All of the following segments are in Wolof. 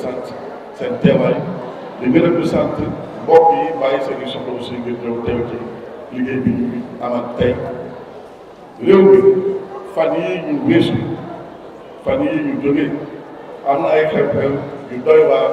sant seen teewaay di sant mbokk yi bàyyi seen i soxla aussi ngir liggéey bi ñu amal tey réew mi fan yii ñu weesu fan yii ñu jógee am na ay xew-xew yu doy waar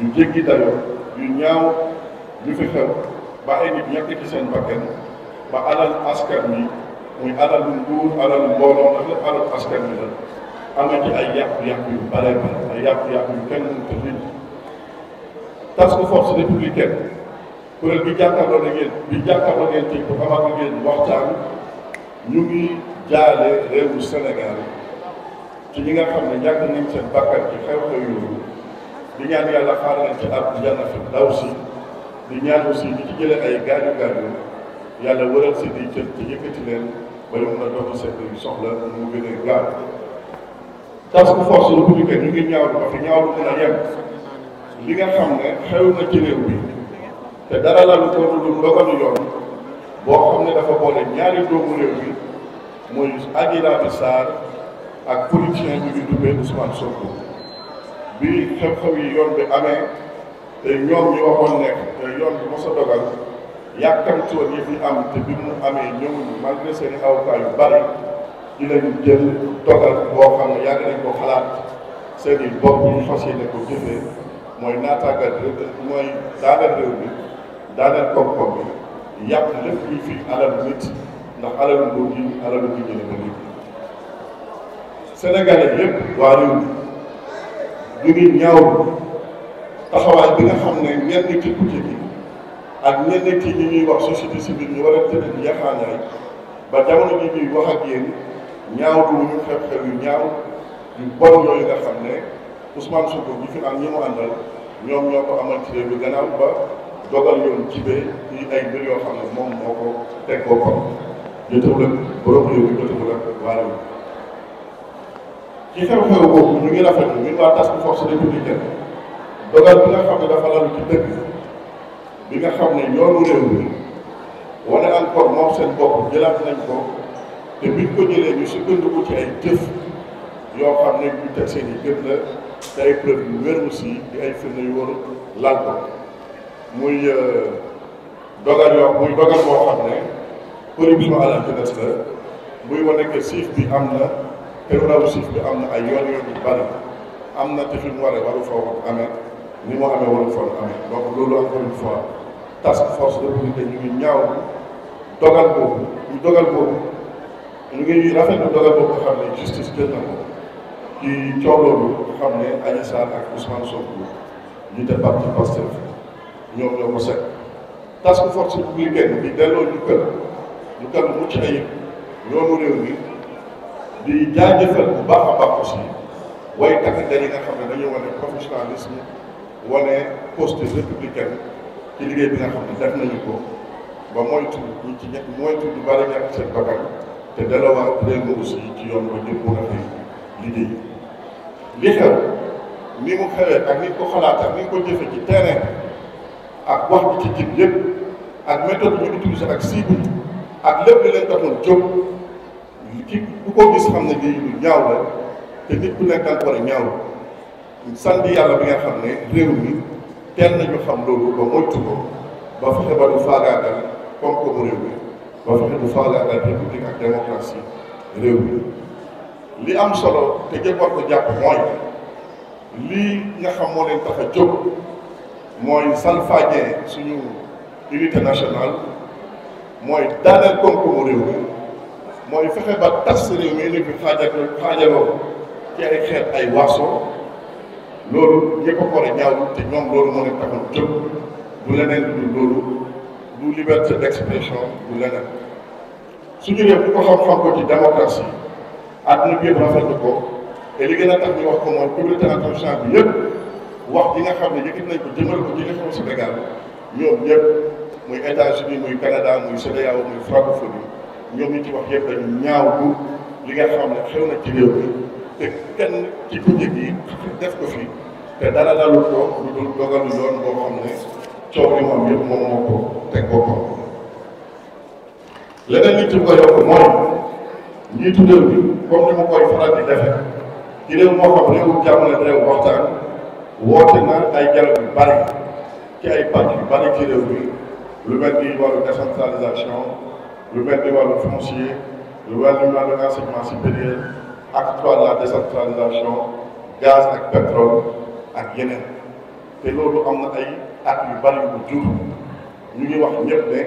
yu jéggi dayoo yu ñaaw yu fi xew ba ay nit ñàkk ci seen bakkan ba alal askan wi muy alal nguur alal mbooloo ndax la alal la. amati ay yàqu-yàqu yu bare bare ay yàqu-yàqu yu kenn mënut a task force républicaine kuréel bi jàkkaarloo na ngeen bi jàkkaarloo ngeen tëj ba xamal ngeen waxtaan ñu ngi jaale réewu Sénégal ci ñi nga xam ne ñàkk nañ seen bakkan ci xew-xew yooyu di ñaan yàlla xaar ci ab jana fi daw si di ñaan aussi ñi ci jëlee ay gaañu gaañu yàlla wëral si di cër ci yëkkati leen ba ñu mën a doon seen soxla mu gën a gaaw. task force lu muy kër ñu ngi ñaawlu ko fi ñaawlu mën a yem li nga xam ne xew na ci bi te dara la lu ko lu ndogalu yoon boo xam ne dafa boole ñaari doomu réew bi muy Adji Raby Sarr ak politicien bi ñu dubbee Ousmane Sonko bi xew-xew yi yoon bi amee te ñoom ñu waxoon nekk te yoon bi mos a dogal yàkkamtoon yëf am te bi mu amee ñëwuñu malgré seen i awukaay yu dinañ jël dogal boo xam yàgg nañ ko xalaat seen i bopp ñu fas yéene ko jëfee mooy naataagal mooy daaneel réew mi daaneel koom-koom bi yàq lépp luy fi alalu nit ndax alalu nguur gi alalu nit ñi la nit Sénégalais yëpp waa réew mi ngi ñaaw taxawaay bi nga xam ne ñenn ci kujje gi ak ñenn ci ñi ñuy wax société civile ñu war a tëdd yaxaanaay ba jamono ji ñuy wax ak yéen. ñaawtuwuñu xew-xew yu ñaaw yu bon yooyu nga xam ne Ousmane Sonko bi fi am ñi mu àndal ñoom ñoo ko amal ci réew bi gannaaw ba dogal yoon jibee ci ay mbir yoo xam ne moom moo ko teg boppam jotewul ak borom réew bi ci xew-xew boobu ñu ngi rafetlu ñun waa task force républicaine dogal bi nga xam ne dafa lalu ci dëgg bi nga xam ne yoonu réew bi wane encore moom seen bopp jëlaat nañ ko te biñ ko jëlee ñu sukkandiku ci ay jëf yoo xam ne ñu teg seen i gën la te ay preuve yu wér aussi di ay firnde yu lal ko muy euh, dogal yoo muy dogal boo xam ne prohibition à la jeunesse la muy wane que siif bi am na te raw siif bi am na ay yoon yoon bari am na te fi mu waree waru foo amee ni mu amee waru foo amee donc loolu encore une fois task force de ñu ngi ñaaw dogal boobu ñu dogal boobu. ñu ngi rafetlu dogal boobu nga xam ne justice jël na ko ci coow loolu nga xam ne Adji Sarr ak Ousmane Sonko ñu def parti Pastef ñoom ñoo ko set task force républicaine bi delloo ñu kër ñu kër mucc ayib ñoomu réew mi di jaajëfal bu baax a baax way takk dañi nga xam ne dañu wane professionnalisme wane posture républicaine ci liggéey bi nga xam ne def nañu ko ba moytu ñu ci ñett moytu bari ñàkk seen bakkan te dala war a leen ci yoon ba ñëpp mën a fi liggéey li xew ni mu xewee ak ni ko xalaat ak ni ko jëfee ci terrain ak wax bi ci jib yëpp ak méthode ñu utilisé ak cible ak lépp leen taxoon jóg ki ku ko gis xam ne lii lu ñaaw la te nit ku nekk daan war a ñaaw sant yàlla bi nga xam ne réew mi teel nañu xam loolu ba moytu ko ba fexe ba du faagaagal koom réew mi. ba fexe bu faagaat ak république ak démocratie réew mi li am solo te ñëpp war ko jàpp mooy lii nga xam moo leen tax a jóg mooy salfaañe suñu unité mooy daaneel koom réew mi mooy fexe ba tas réew mi ni xaajaloo ci ay xeet ay waaso loolu ñi ko war a ñaawlu te ñoom loolu moo leen taxoon jóg du leneen du loolu bu liberté d'expression bu leneen suñu réew ku ko xam xam ko ci démocratie àdduna bi yëpp rafetlu ko te li gën a tax ñu wax ko mooy communauté internationale bi yëpp wax li nga xam ne yëkkati nañ ko jëmal ko ci li xew Sénégal ñoom ñëpp muy États-Unis muy Canada muy CEDEAO muy francophonie ñoom ñi ci wax yëpp dañu ñaaw bu li nga xam ne xew na ci réew mi te kenn ci kujje gi def ko fi te dara dalu ko lu dul dogalu yoon boo xam ne coow li mu am yëpp moom moo ko teg boppam leneen li ci ko yokk mooy njiitu réew bi comme ni ma koy faral di defe ci réew moo xam réewu jàmm la réew waxtaan woote na ay dialogue yu bari ci ay pàcc yu bari ci réew bi lu mel ni wàllu décentralisation lu mel ni wàllu foncier lu mel ni wàllu enseignement supérieur ak toile la décentralisation gaz ak pétrole ak yeneen te loolu am ay ak yu bari yu jur ñu ngi wax ñëpp ne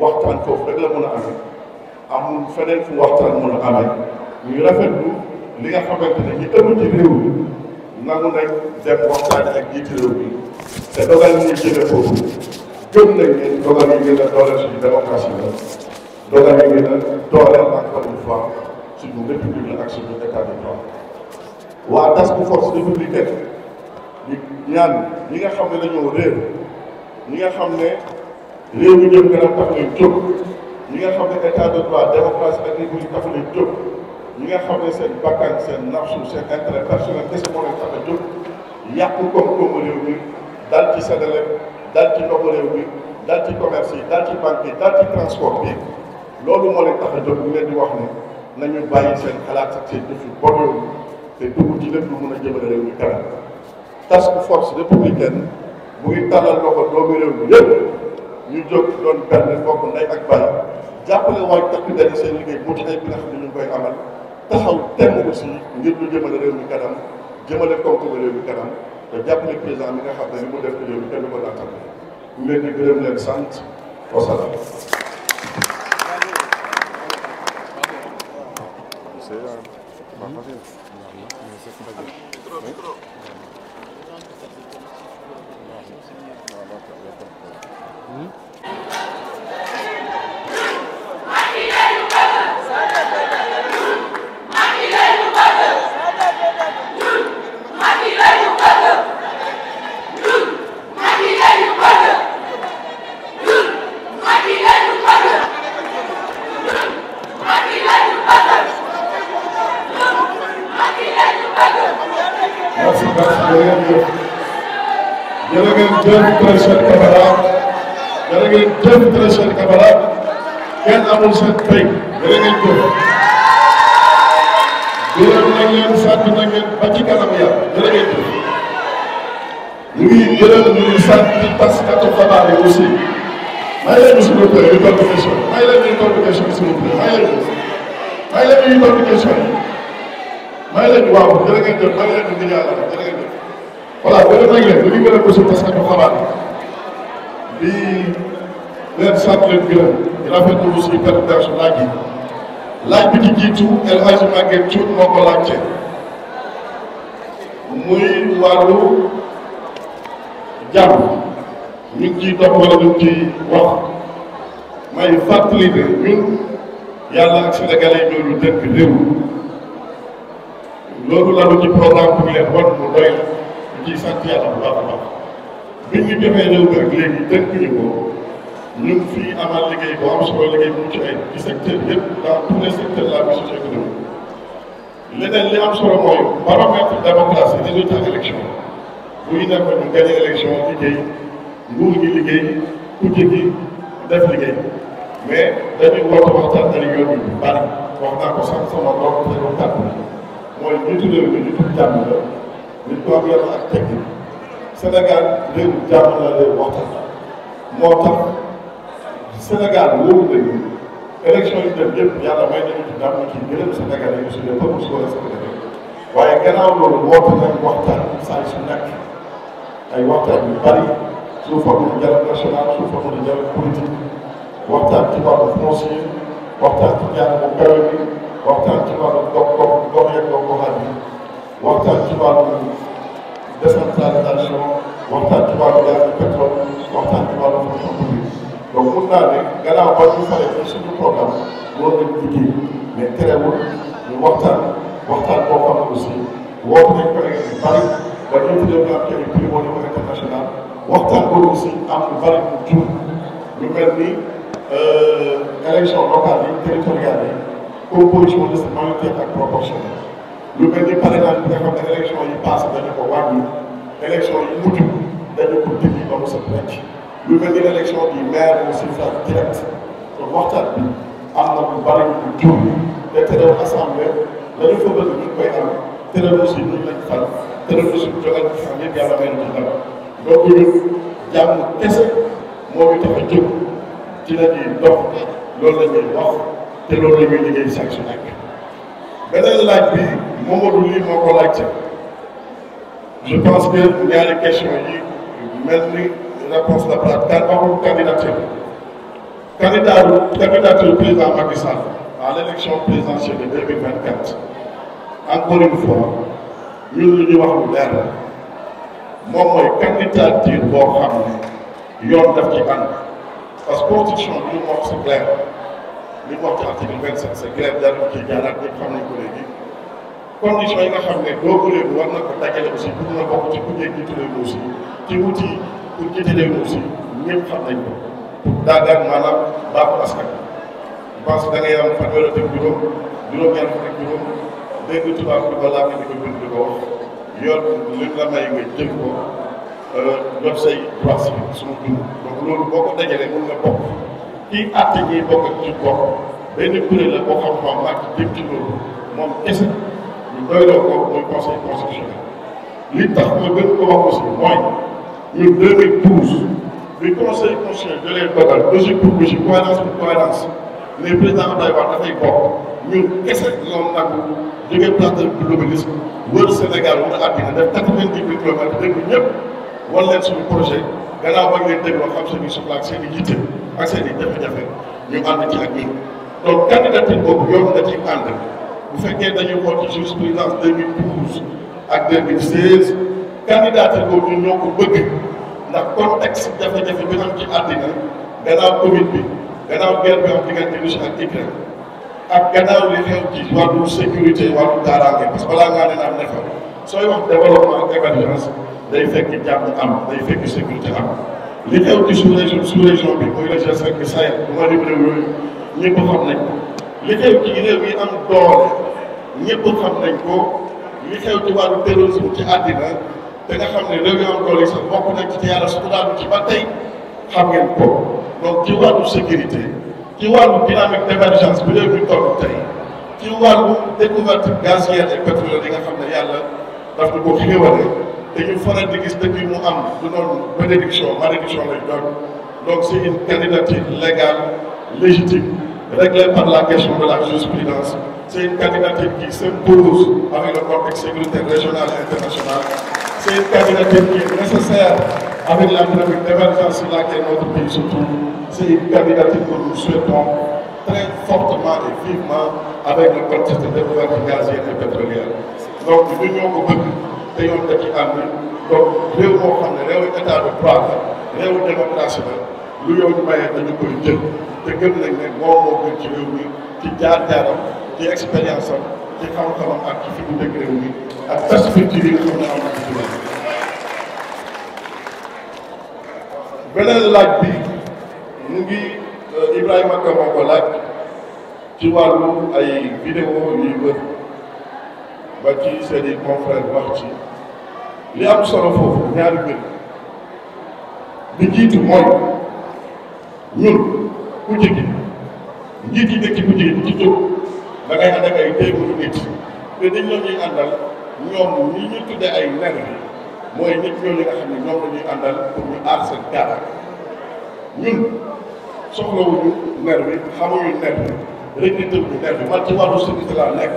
waxtaan foofu rek la mën a amee amul feneen fu waxtaan mën a amee ñu rafetlu li nga xamante ne ñu ëpp ci réew mi nangu nañ dem waxtaan ak jiitu réew te dogal ñu jëlee foofu gëm nañ ne dogal yi gën a dooleel suñu démocratie la dogal yi gën a dooleel encore une fois suñu république la ak suñu état de droit waa tas bu force républicaine ñaan ñi nga xam ne dañoo réer ñi nga xam ne réew mi jëm kanam tax leen jóg ñi nga xam ne état de droit démocratie seen bakkan seen nafsu seen intérêt personnel kese moo leen tax a jóg yàqu koom-koomu réew mi dal ci Sénégal dal ci ndoxu réew mi dal ci commerce yi dal ci banque yi dal ci transport bi loolu moo leen tax a jóg ñu leen di wax ne nañu bàyyi seen xalaat ak seen jëf yu bon yooyu te dugg ci lépp lu mun a jëmale réew mi kanam task force républicaine mu ngi tàllal loxo doomu réew mi ñu jóg doon benn bokk ndey ak baay jàppale waay takk der seen liggéey bu ay bi nga xam ne ñu koy amal taxaw temm aussi ngir ñu jëmale réew mi kanam jëmale kooku réew mi kanam te jàppale président mi nga xam ne mu def ko réew mi kenn du ko dàqal ñu leen di gërëm leen sant wasalaam jëfandikoo seen Camara yàlla ngeen jëfandikoo seen Camara kenn amul seen pay yàlla ngeen jëf. yërëm na ngeen sant na ngeen ba ci kanam yàlla yàlla ngeen jëf. ñu ngi yërëm ñu ngi sant di taskatu xabaar yi aussi may leen s'il vous plaît une contribution may leen une contribution s'il vous plaît may leen may leen une contribution may leen waaw jërë ngeen jëf may leen di yàlla jërë ngeen jëf. voilà loolu nag la dañuy gën a ko suuf parce que xabaar di leen sant leen gërëm di rafetlu suñu présentation laaj ci jiitu El Hadj Maguette Thioune moo ko muy wàllu jàmm ñu ngi ciy dox wala ñu wax may fàttali ne ñun yàlla ak sénégalais ñoo ñu dëkk réew loolu la ñu programme leen wan mu doy ñu ciy baax a baax bi defee réew mi ak léegi tënkuñu ko ñu fii amal liggéey bu am solo liggéey bu mucc ci secteur yëpp dans tous les secteurs la vie socio-économique leneen li am solo mooy paramètre démocratie résultat élection buy nekk liggéey nguur gi liggéey kujje gi def liggéey mais dañuy war a waxtaan ay yoon yu bari wax naa ko sànq sama bopp te waxtaan mooy njiitu réew mi njiitu jàmm la nit ku am yar ak tekki Sénégal réew jàmm la réew waxtaan moo tax Sénégal wóoru nañu élection yi dem yëpp yàlla may nañu ci ndam ci gërëm Sénégal yi su dee peuple su wala Sénégal waaye gannaaw loolu woote nañ waxtaan saa su nekk ay waxtaan yu bari sous forme de dialogue national sous forme de dialogue politique waxtaan ci wàllu foncier waxtaan ci ñaar bu kawe bi waxtaan ci wàllu gox gox gox yeeg gox goxaat bi waxtaan ci wàllu décentralisation waxtaan ci wàllu gaz ak pétrole waxtaan ci wàllu fonction publique donc mun naa ne gannaaw ba ñu xale ci suñu programme loolu lañ liggéey mais terewul ñu waxtaan waxtaan boo xam ne aussi woote nañ ko rek bari ba ñu tuddee ñu am ci ay prix au niveau international waxtaan boobu aussi am lu bari mu jur ñu mel ni euh, élection locale yi territoriale yi composition de majorité ak proportionnelle lu mel ni parrainage bi nga xam ne élection yi passé dañu ko wàññi élection yi mujj dañu ko dindi ba mu set lu mel ni élection bi maire au direct kon waxtaan bi am na lu bari lu jur te terewul assemblée dañu fa bëgg ñu koy am terewul aussi ñu lañ fal terewul aussi ñu joxe ci xam yëpp yàlla may ñu dara donc ñun jàmm kese moo ñu tax a jóg ci la ñuy dox loolu la ñuy wax te loolu la ñuy liggéey chaque Mamadou lii moo ko laajte je pense que ñaari question yi mel ni réponse la plate kan waxul candidature candidature candidature président Macky Sall à l' élection de 2024 encore une fois ñun lu ñu wax lu leer moom mooy candidature boo xam ne yoon daf ci ànd parce que constitution bi ñu wax c' li mu wax ci article 27 c' est clair jarul ci jaaraat ñëpp xam nañ condition yi nga xam ne boobu réew war na ko dajale aussi pour na bokk ci ku nekk jiite réew mi aussi xam nañ ko daa daan maanaam baaxul askan je pense da ngay am fanweer ak juróom juróom tubaab bi ko laaj di di ko wax yor li la may nga jël ko euh, jot say droit si bokk kii bokk ak ci bokk benn la boo xam-xam ak jëm ci loolu moom kese doyloo ko mooy conseil constitutionnel li tax ma gën ko wax aussi mooy ñun 2012 bi conseil constitutionnel da leen dogal logique pour logique cohérence pour cohérence mais président Abdoulaye Wade dafay bokk ñun kese loolu nag jógee place de l'Obélisque wër Sénégal wala àddina def quatre-vingt-dix mille kilomètres déglu ñëpp wan leen suñu projet gannaaw ba ngeen dégloo xam seen i soxla ak seen i yitte ak seen i jafe-jafe ñu ànd ci ak ñun donc candidature boobu yoon na ci ànd. bu fekkee dañu woote jurisprudence 2012 ak 2016 candidature boobu ñoo ko bëgg ndax contexte jafe-jafe bi am ci àddina gannaaw Covid bi gannaaw guerre bi am diggante Russie ak Ukraine ak gannaaw li xew ci wàllu sécurité wàllu kaaraange parce que balaa ngaa ne am nefa sooy wax développement ak émergence day fekk jàmm am day fekk sécurité am li xew ci sous bi mooy le G5 Sahel bu yooyu ñëpp xam nañ ko li xew ci réew yi am doole ñëpp xam nañ ko li xew ci wàllu terrorisme ci àddina da nga xam ne réew yi am doole yi sax bokk nañ ci te yàlla suturaanu ci ba tey xam ngeen ko donc ci wàllu sécurité ci wàllu dynamique d'émergence bi réew mi toll tey ci wàllu découverte gazière et pétrole nga xam ne yàlla daf na ko di gis dëkk mu am du noonu bénédiction malédiction lay doon donc c'est une candidature légale légitime réglée par la question de la jurisprudence. C'est une candidature qui s'impose le contexte sécuritaire régional et international. C'est une candidature qui nécessaire avec la dynamique d'émergence sur laquelle notre pays se trouve. C'est très fortement et vivement avec le contexte de découverte gazière et pétrolière. Donc l'union ko bëgg te yoon da ci donc réew moo xam ne réewu état de droit la te gëm nañ ne moom moo ci réew ci jaar-jaaram ci expérience ci xam-xamam ak ci fi mu dëkk réew mi ak perspective yi nga xam ne am na ci beneen laaj bi mu ngi euh, Ibrahima Kama ko laaj ci wàllu ay vidéo yuy ba ci seen i confrères ci li am solo ñaar ñaari bi jiitu mooy ñun. ku jege njiit yi nekk ku jege ku ci jóg da ngay ànd ak ay nit ñu tuddee ay ner mooy nit ñooñu nga xam ne ñoom ñu aar seen ñun soxlawuñu ner xamuñu ner bi recruteur bi ner man ci wàllu service laa nekk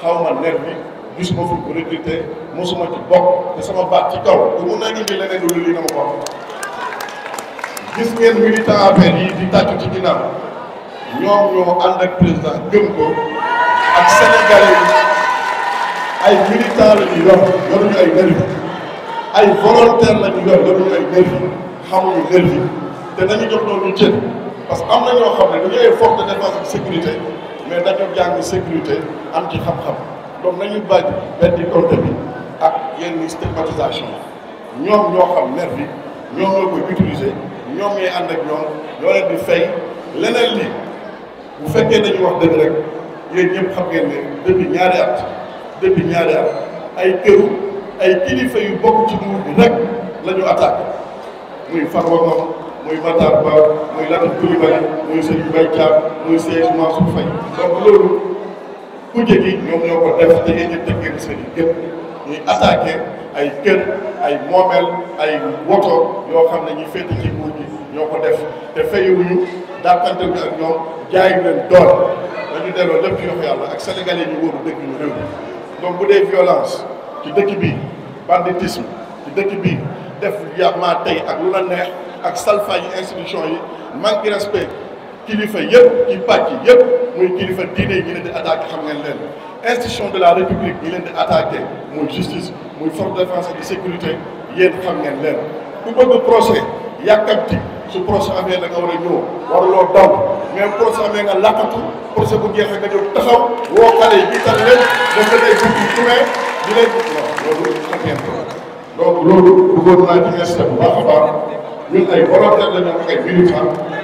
xaw ma ner bi gisuma fi ko recruter ci bokk te sama baat ci kaw te mun naa indi leneen lu lii na ma ko gis ngeen militant affaire yi di tàccu ci ginnaaw ñoom ñoo ànd ak président gëm ko ak sénégalais yi ay militant la ñu yor yoruñu ay nervi ay volontaire la ñu yor yoruñu ay nervi xamuñu nervi te dañu jox loolu ñu cër parce que am na ñoo xam ne dañu ay force de sécurité mais dañoo jàng sécurité am ci xam-xam donc nañu bàyyi benn compte bi ak yenn stigmatisation ñoom ñoo xam nervi ñoom ñoo koy utiliser ñoom ñooy ànd ak ñoom ñoo leen di leneen li bu fekkee dañu wax dëgg rek yéen ñëpp xam ngeen ne depuis ñaari at depuis ñaari at ay këru ay kilifa yu bokk ci nguur bi rek la ñu attaqué muy Farba Ngom muy Matar Ba muy Latif Coulibaly muy Serigne Mbaye Thiam muy Sèye Mansour donc loolu ku jëkki ñoom ñoo ko def te yéen ñëpp ngeen seen i ñuy attaqué ay kër ay moomeel ay woto yoo xam ne ñu féete ci ñoo ko def te fayewuñu dàppante bi ak ñoom jaay leen dool dañu delloo lépp ci yox yàlla ak sénégalais ñu wóoru dëkk ñu réew donc bu dee violence ci dëkk bi banditisme ci dëkk bi def yàmmaa tey ak lu la neex ak salfaañ institution yi manque respect kilifa yëpp ci pàcc yëpp muy kilifa diine yi ñu di attaqué xam ngeen leen institution de la république ñu leen di attaqué muy justice muy force de défense et de sécurité yéen xam ngeen leen ku bëgg procès yàkkamti su procès amee da nga war a ñëw waruloo daw mais procès amee nga làqatu procès bu jeexee nga jóg taxaw woo xale yi jiital leen dafa lay dugg ci di leen waaw loolu xam ngeen ko donc loolu bëggoon naa ci bu baax a baax ñun ay volontaires la ñu ak ay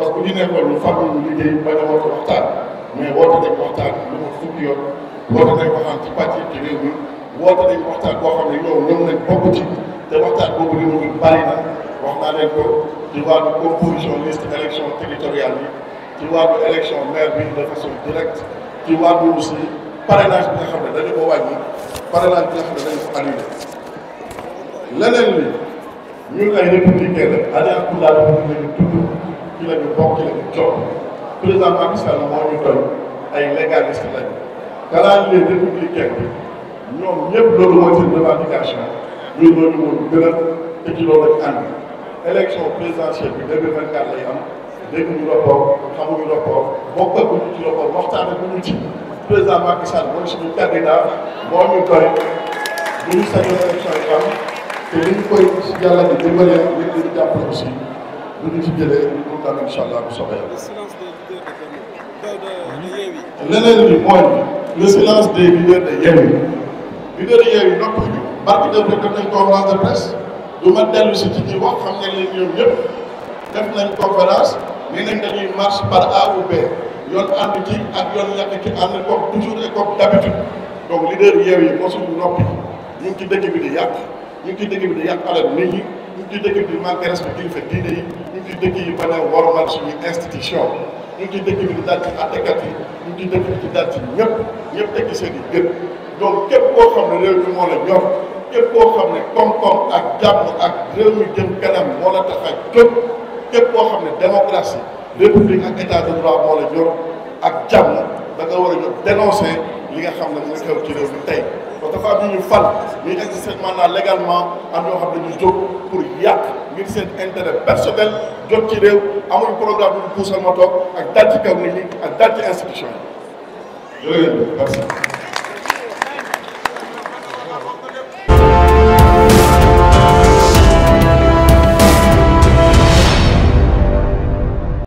parce que bu ñu nekkoon ñu fàttali ñu liggéey bañ a woote waxtaan mais woote nañ waxtaan lu ma fukki yoon woote nañ waxtaan ci pàcc ci réew mi woote nañ waxtaan boo xam ne ñoom ñoom nañ bokk ci te waxtaan boobu li mu bari na wax naa leen ko ci wàllu composition liste élection territoriale bi ci wàllu élection maire bi de façon directe ci wàllu aussi parrainage bi nga xam ne dañu ko wàññi parrainage bi nga xam ne dañu ko annulé leneen li ñun ay républicain la alliance pour la république lañu tudd ci la ñu bokk ci la ñu toog président Macky ay légaliste lañu. calendrier républicain bi ñoom ñëpp loolu mooy seen revendication ñun ñoo ñu mun gën a te ci loolu lañ ànd. élection présidentielle bi 2024 lay am dégg ñu rapport xamuñu rapport bokkaguñu ci rapport waxtaanaguñu ci président Macky Sall mooy koy yàlla di dimbalee nit ñi di jàppale lu ñu ci jëlee ñu kontaan incha allah bu soobee leneen li mooy le silence des leaders barki def rek def nañ conférence de presse du ma dellu si ci ñi wax xam ngeen leen ñoom ñëpp def nañ conférence ni nañ dañuy marche par A ou B yoon ànd ci ak yoon ñàkk ci ànd comme toujours et comme d'habitude donc leaders Yewwi mosuñu noppi ñu ngi dëkk bi di yàq ñu ngi dëkk bi di yàq alal nit ñi ngi ci dëkk bi manqué respect kilifa diine yi ñu ngi dëkk yi bañ a wormal suñu institution ñu ngi dëkk bi di ci àttekat yi ñu ngi ci dëkk bi di daal ci ñëpp ñëpp tekki seen i gën donc képp koo xam ne réew mi moo la ñor képp koo xam ne koom-koom ak jàmm ak réew mi jëm kanam moo la tax a jóg képp koo xam ne démocratie république ak état de droit moo la ñor ak jàmm da nga war a ñor dénoncer li nga xam ne mooy xew ci réew mi tey parce que dafa am ñu fal ñu exercer maanaam légalement am ñoo xam ne ñu jóg pour yàq ngir seen intérêt personnel jot ci réew amul programme bu ñu ma toog ak dal ci kaw nit ñi ak dal ci institution yi. jërëjëf merci.